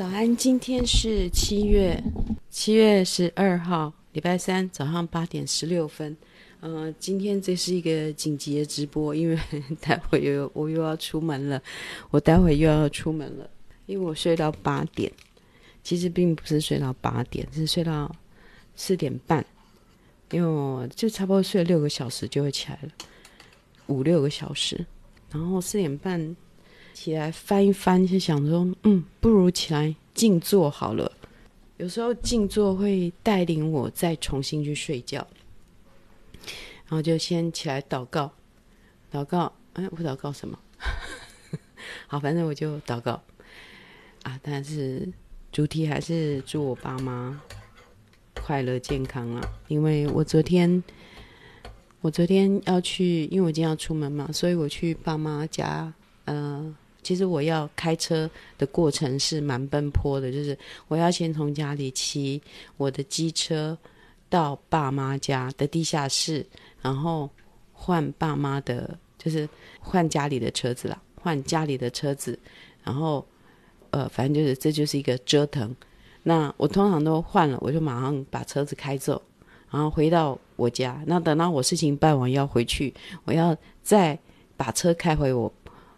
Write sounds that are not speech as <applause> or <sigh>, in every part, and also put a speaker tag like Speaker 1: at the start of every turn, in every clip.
Speaker 1: 早安，今天是七月七月十二號，禮拜三早上八點十六分。嗯、呃，今天這是一個緊急的直播，因為待會又我又要出門了，我待會又要出門了，因為我睡到八點，其實並不是睡到八點，是睡到四點半，因為我就差不多睡了六個小時就會起來了，五六個小時，然後四點半。起來翻一翻，是想說，嗯，不如起來靜坐好了。有時候靜坐會帶領我再重新去睡覺，然後就先起來禱告，禱告，哎，我禱告什麼？ <laughs> 好，反正我就禱告。啊，但是主題還是祝我爸媽快樂健康啊，因為我昨天，我昨天要去，因為我今天要出門嘛，所以我去爸媽家，嗯、呃。其實我要開車的過程是蠻奔波的，就是我要先從家裡騎我的機車到爸媽家的地下室，然後換爸媽的，就是換家裡的車子啦，換家裡的車子，然後呃，反正就是這就是一個折騰。那我通常都換了，我就馬上把車子開走，然後回到我家。那等到我事情辦完要回去，我要再把車開回我。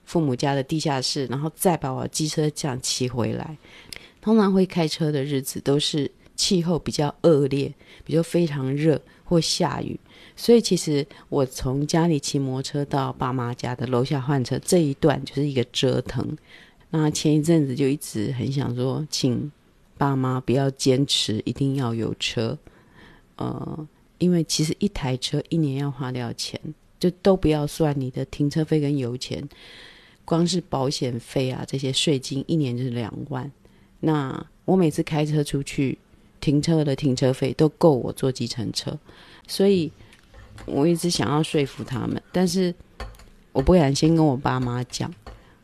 Speaker 1: 父母家的地下室，然後再把我的機車這樣騎回來。通常會開車的日子都是氣候比較惡劣，比如非常熱或下雨，所以其實我從家裡騎摩托車到爸媽家的樓下換車這一段就是一個折騰。那前一陣子就一直很想說，請爸媽不要堅持一定要有車，呃，因為其實一台車一年要花掉錢，就都不要算你的停車費跟油錢，光是保險費啊，這些稅金一年就是兩萬。那我每次開車出去，停車的停車費都夠我坐計程車。所以，我一直想要說服他們，但是我不敢先跟我爸媽講，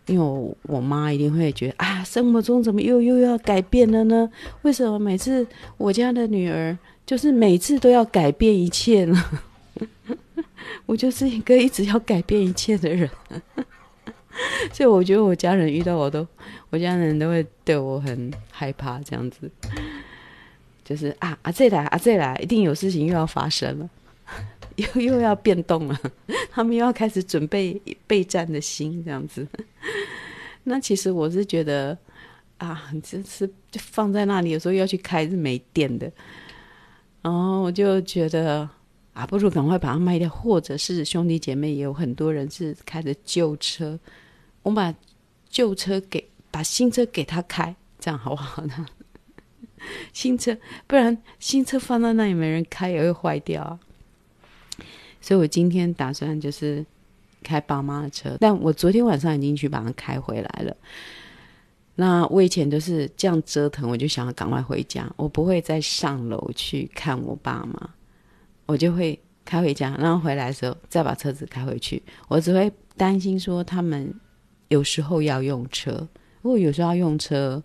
Speaker 1: 因為我我媽一定會覺得啊，生活中怎麼又,又又要改變了呢？為什麼每次我家的女兒就是每次都要改變一切呢？ <laughs> 我就是一個一直要改變一切的人。 <laughs> 所以我覺得我家人遇到我都，我家人都會對我很害怕，這樣子，就是啊，阿姊來啊，阿姊來，一定有事情又要發生了， <laughs> 又又要變動了， <laughs> 他們又要開始準備備戰的心，這樣子。 <laughs> 那其實我是覺得啊，這次就放在那裡，有時候又要去開是沒電的，然後我就覺得啊，不如趕快把它賣掉，或者是兄弟姐妹也有很多人是開着舊車。我把舊車給，把新車給他開，這樣好不好呢？ <laughs> 新車，不然新車放在那裡沒人開也會壞掉啊。所以我今天打算就是開爸媽的車，但我昨天晚上已經去把它開回來了。那我以前都是這樣折騰，我就想要趕快回家，我不會再上樓去看我爸媽，我就會開回家，然後回來的時候再把車子開回去。我只會擔心說他們。有時候要用車，如果有時候要用車，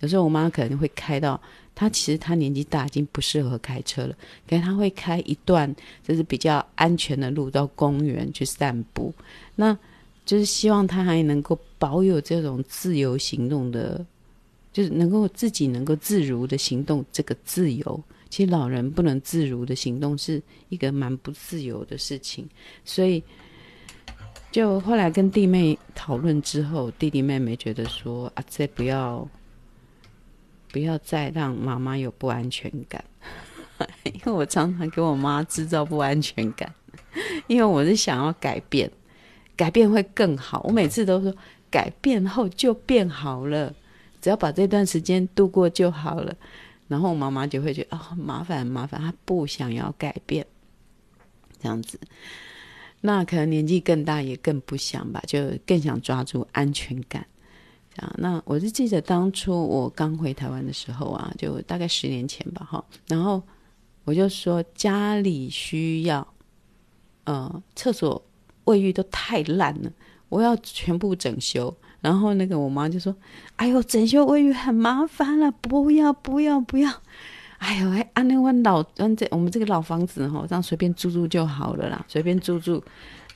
Speaker 1: 有時候我媽可能會開到，她其實她年紀大，已經不適合開車了，可是她會開一段，就是比較安全的路到公園去散步，那就是希望她還能夠保有這種自由行動的，就是能夠自己能夠自如的行動這個自由。其實老人不能自如的行動是一個蠻不自由的事情，所以。就後來跟弟妹討論之後，弟弟妹妹覺得說啊，這不要不要再讓媽媽有不安全感， <laughs> 因為我常常給我媽製造不安全感，因為我是想要改變，改變會更好。我每次都說改變後就變好了，只要把這段時間度過就好了。然後媽媽就會覺得啊、哦，麻煩麻煩，她不想要改變，這樣子。那可能年紀更大也更不想吧，就更想抓住安全感。這樣，那我就記得當初我剛回台灣的時候啊，就大概十年前吧，哈。然後我就說家裡需要，呃，廁所、衛浴都太爛了，我要全部整修。然後那個我媽就說：“哎呦，整修衛浴很麻煩了，不要，不要，不要。”哎呦，還、啊、按那塊老安這我們這個老房子吼、哦，這樣隨便住住就好了啦，隨便住住，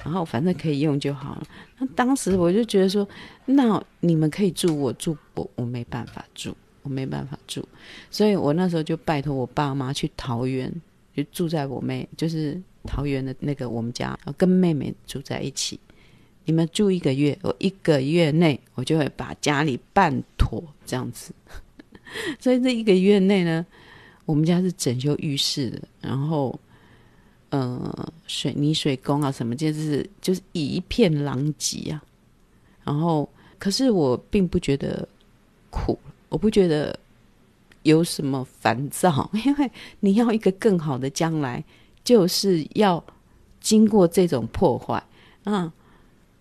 Speaker 1: 然後反正可以用就好了。那當時我就覺得說，那你們可以住，我住不？我沒辦法住，我沒辦法住，所以我那時候就拜托我爸媽去桃園，就住在我妹就是桃園的那個我們家，跟妹妹住在一起。你們住一個月，我一個月內我就會把家裡辦妥這樣子。 <laughs> 所以這一個月內呢。我們家是整修浴室的，然後，呃，水泥水工啊，什麼就是就是一片狼藉啊。然後，可是我並不覺得苦，我不覺得有什麼煩躁，因為你要一個更好的將來，就是要經過這種破壞。嗯，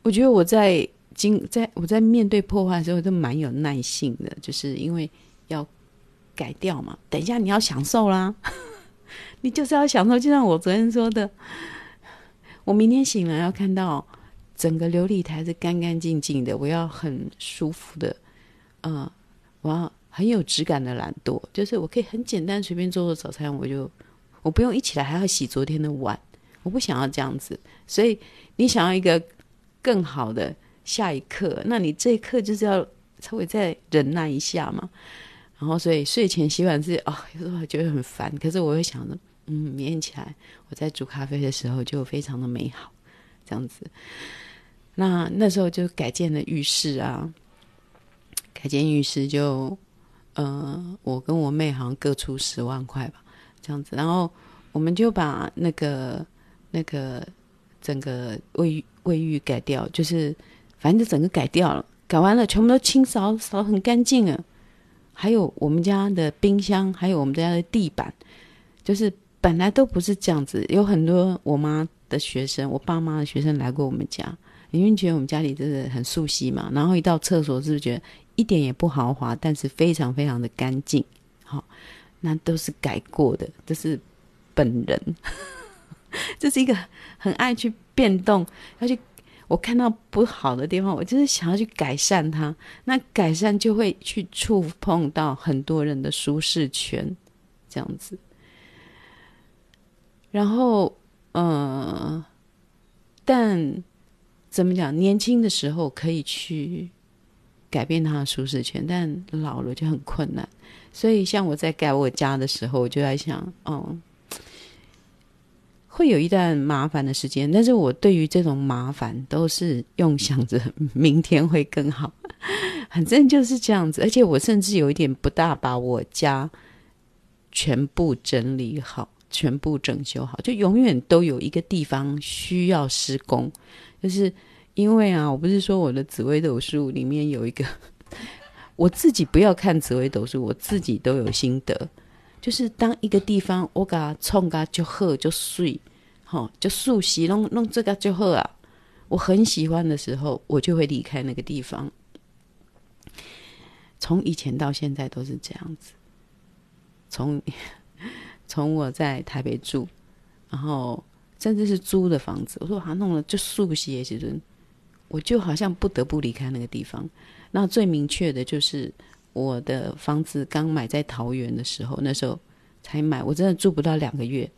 Speaker 1: 我覺得我在經在我在面對破壞的時候，我都蠻有耐性的，就是因為要。改掉嘛，等一下你要享受啦， <laughs> 你就是要享受。就像我昨天說的， <laughs> 我明天醒了要看到整個流理台是乾乾淨淨的，我要很舒服的，嗯、呃，我要很有質感的懶惰，就是我可以很簡單隨便做做早餐，我就我不用一起來還要洗昨天的碗，我不想要這樣子。所以你想要一個更好的下一刻，那你這一刻就是要稍微再忍耐一下嘛。然後，所以睡前洗碗是哦，有時候覺得很煩。可是我會想着，嗯，明天起來我在煮咖啡的時候就非常的美好，這樣子。那那時候就改建了浴室啊，改建浴室就，呃，我跟我妹好像各出十萬塊吧，這樣子。然後我們就把那個那個整個衛衛浴改掉，就是反正就整個改掉了。改完了，全部都清掃，掃的很乾淨啊。還有我們家的冰箱，還有我們家的地板，就是本來都不是這樣子。有很多我媽的學生、我爸媽的學生來過我們家，因為覺得我們家裡真的很熟悉嘛。然後一到廁所，是不是覺得一點也不豪華，但是非常非常的乾淨？好、哦，那都是改過的，這是本人。這 <laughs> 是一個很愛去變動，要去。我看到不好的地方，我就是想要去改善它。那改善就會去觸碰到很多人的舒適圈，這樣子。然後，嗯、呃，但怎麼講？年輕的時候可以去改變他的舒適圈，但老了就很困難。所以，像我在改我家的時候，我就在想，哦。會有一段麻煩的時間，但是我對於這種麻煩都是用想着明天會更好，反正就是這樣子。而且我甚至有一點不大把我家全部整理好，全部整修好，就永遠都有一個地方需要施工。就是因為啊，我不是說我的紫微斗數裡面有一個，我自己不要看紫微斗數，我自己都有心得。就是當一個地方我噶衝噶就喝就睡，吼，就、哦、熟悉弄弄這個就好啊！我很喜歡的時候，我就會離開那個地方。從以前到現在都是這樣子。從從我在台北住，然後甚至是租的房子，我說好、啊、像弄了就熟悉。耶，其實我就好像不得不離開那個地方。那最明確的就是。我的房子剛買在桃園的時候，那時候才買，我真的住不到兩個月，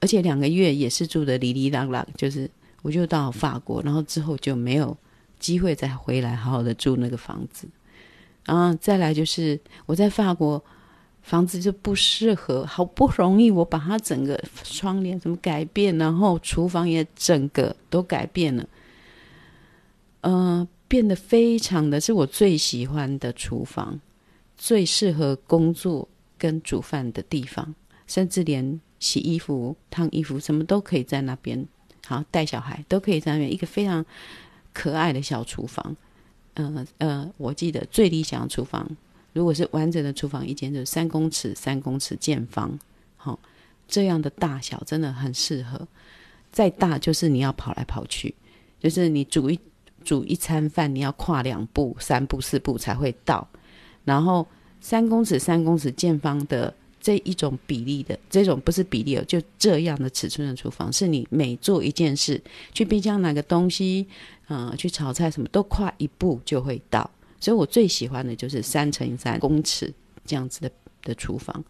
Speaker 1: 而且兩個月也是住得里里拉拉，就是我就到法國，然後之後就沒有機會再回來好好的住那個房子，然後再來就是我在法國房子就不適合，好不容易我把它整個窗簾怎麼改變，然後廚房也整個都改變了，嗯、呃。變得非常的是我最喜歡的廚房，最適合工作跟煮飯的地方，甚至連洗衣服、燙衣服什麼都可以在那邊。好，帶小孩都可以在那邊，一個非常可愛的小廚房。嗯呃，呃，我記得最理想的廚房，如果是完整的廚房一間，就是三公尺、三公尺見方。好，哦，這樣的大小真的很適合。再大就是你要跑來跑去，就是你煮一。煮一餐飯，你要跨兩步、三步、四步才會到。然後三公尺、三公尺見方的這一種比例的這種不是比例哦，就這樣的尺寸的廚房，是你每做一件事，去冰箱拿個東西，啊、呃，去炒菜什麼都跨一步就會到。所以我最喜歡的就是三乘三公尺這樣子的的廚房。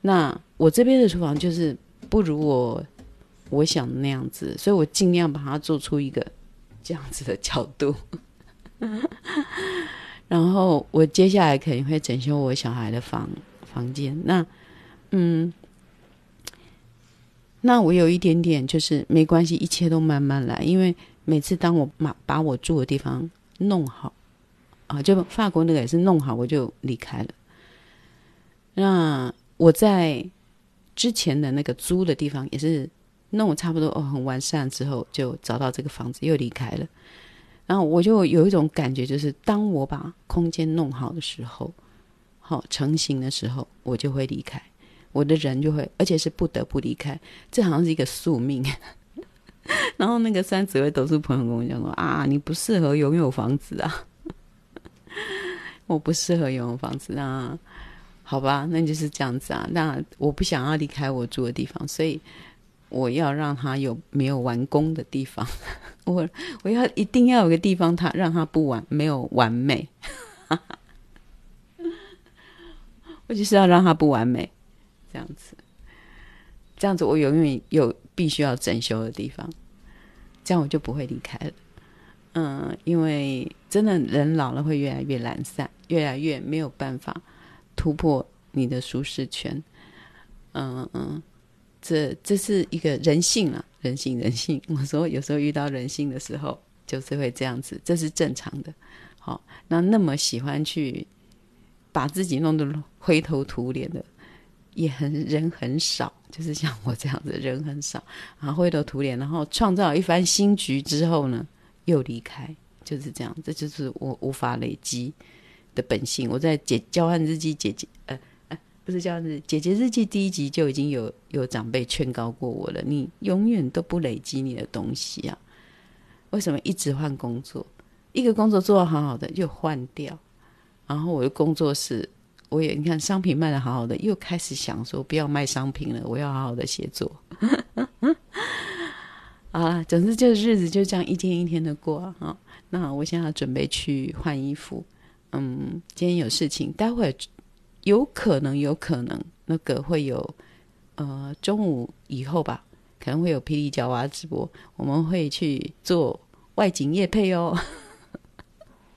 Speaker 1: 那我這邊的廚房就是不如我我想的那樣子，所以我盡量把它做出一個。這樣子的角度 <laughs> <laughs> 然後我接下來可能會整修我小孩的房房間。那，嗯，那我有一點點就是沒關係，一切都慢慢來。因為每次當我把把我住的地方弄好，啊，就法國那個也是弄好，我就離開了。那我在之前的那個租的地方也是。那我差不多哦，很完善之後，就找到這個房子，又離開了。然後我就有一種感覺，就是當我把空間弄好的時候，好、哦、成型的時候，我就會離開，我的人就會，而且是不得不離開。這好像是一個宿命。 <laughs> 然後那個三姊妹都是朋友，跟我講說啊，你不適合擁有房子啊， <laughs> 我不適合擁有房子啊，那好吧，那就是這樣子啊。那我不想要離開我住的地方，所以。我要讓他有沒有完工的地方， <laughs> 我我要一定要有個地方，他讓他不完沒有完美， <laughs> 我就是要讓他不完美，這樣子，這樣子我永遠有必須要整修的地方，這樣我就不會離開了。嗯，因為真的人老了會越來越懶散，越來越沒有辦法突破你的舒適圈。嗯嗯。這這是一個人性啊，人性，人性。我說有時候遇到人性的時候，就是會這樣子，這是正常的。好，那那麼喜歡去把自己弄得灰頭土臉的，也很人很少，就是像我這樣子，人很少，然後灰頭土臉，然後創造一番新局之後呢，又離開，就是這樣，這就是我無法累積的本性。我在解交換日記，解解，呃。不是這樣子，姐姐日記第一集就已經有有長輩勸告過我了。你永遠都不累積你的東西啊！為什麼一直換工作？一個工作做得好好的又換掉，然後我的工作室，我也你看商品賣得好好的，又開始想說不要賣商品了，我要好好的寫作。啊， <laughs> 總之就是日子就這樣一天一天的過啊。那我現在準備去換衣服。嗯，今天有事情，待會兒。有可能，有可能，那個會有，呃，中午以後吧，可能會有霹靂嬌娃直播，我們會去做外景業配哦，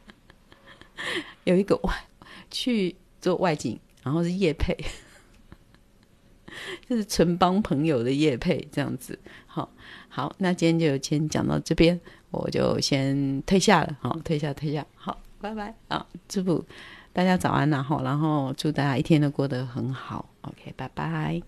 Speaker 1: <laughs> 有一個外去做外景，然後是業配， <laughs> 就是純幫朋友的業配這樣子。好，好，那今天就先講到這邊，我就先退下了，好，退下，退下，好，拜拜啊，直播。大家早安，然後，然後祝大家一天都過得很好。OK，拜拜。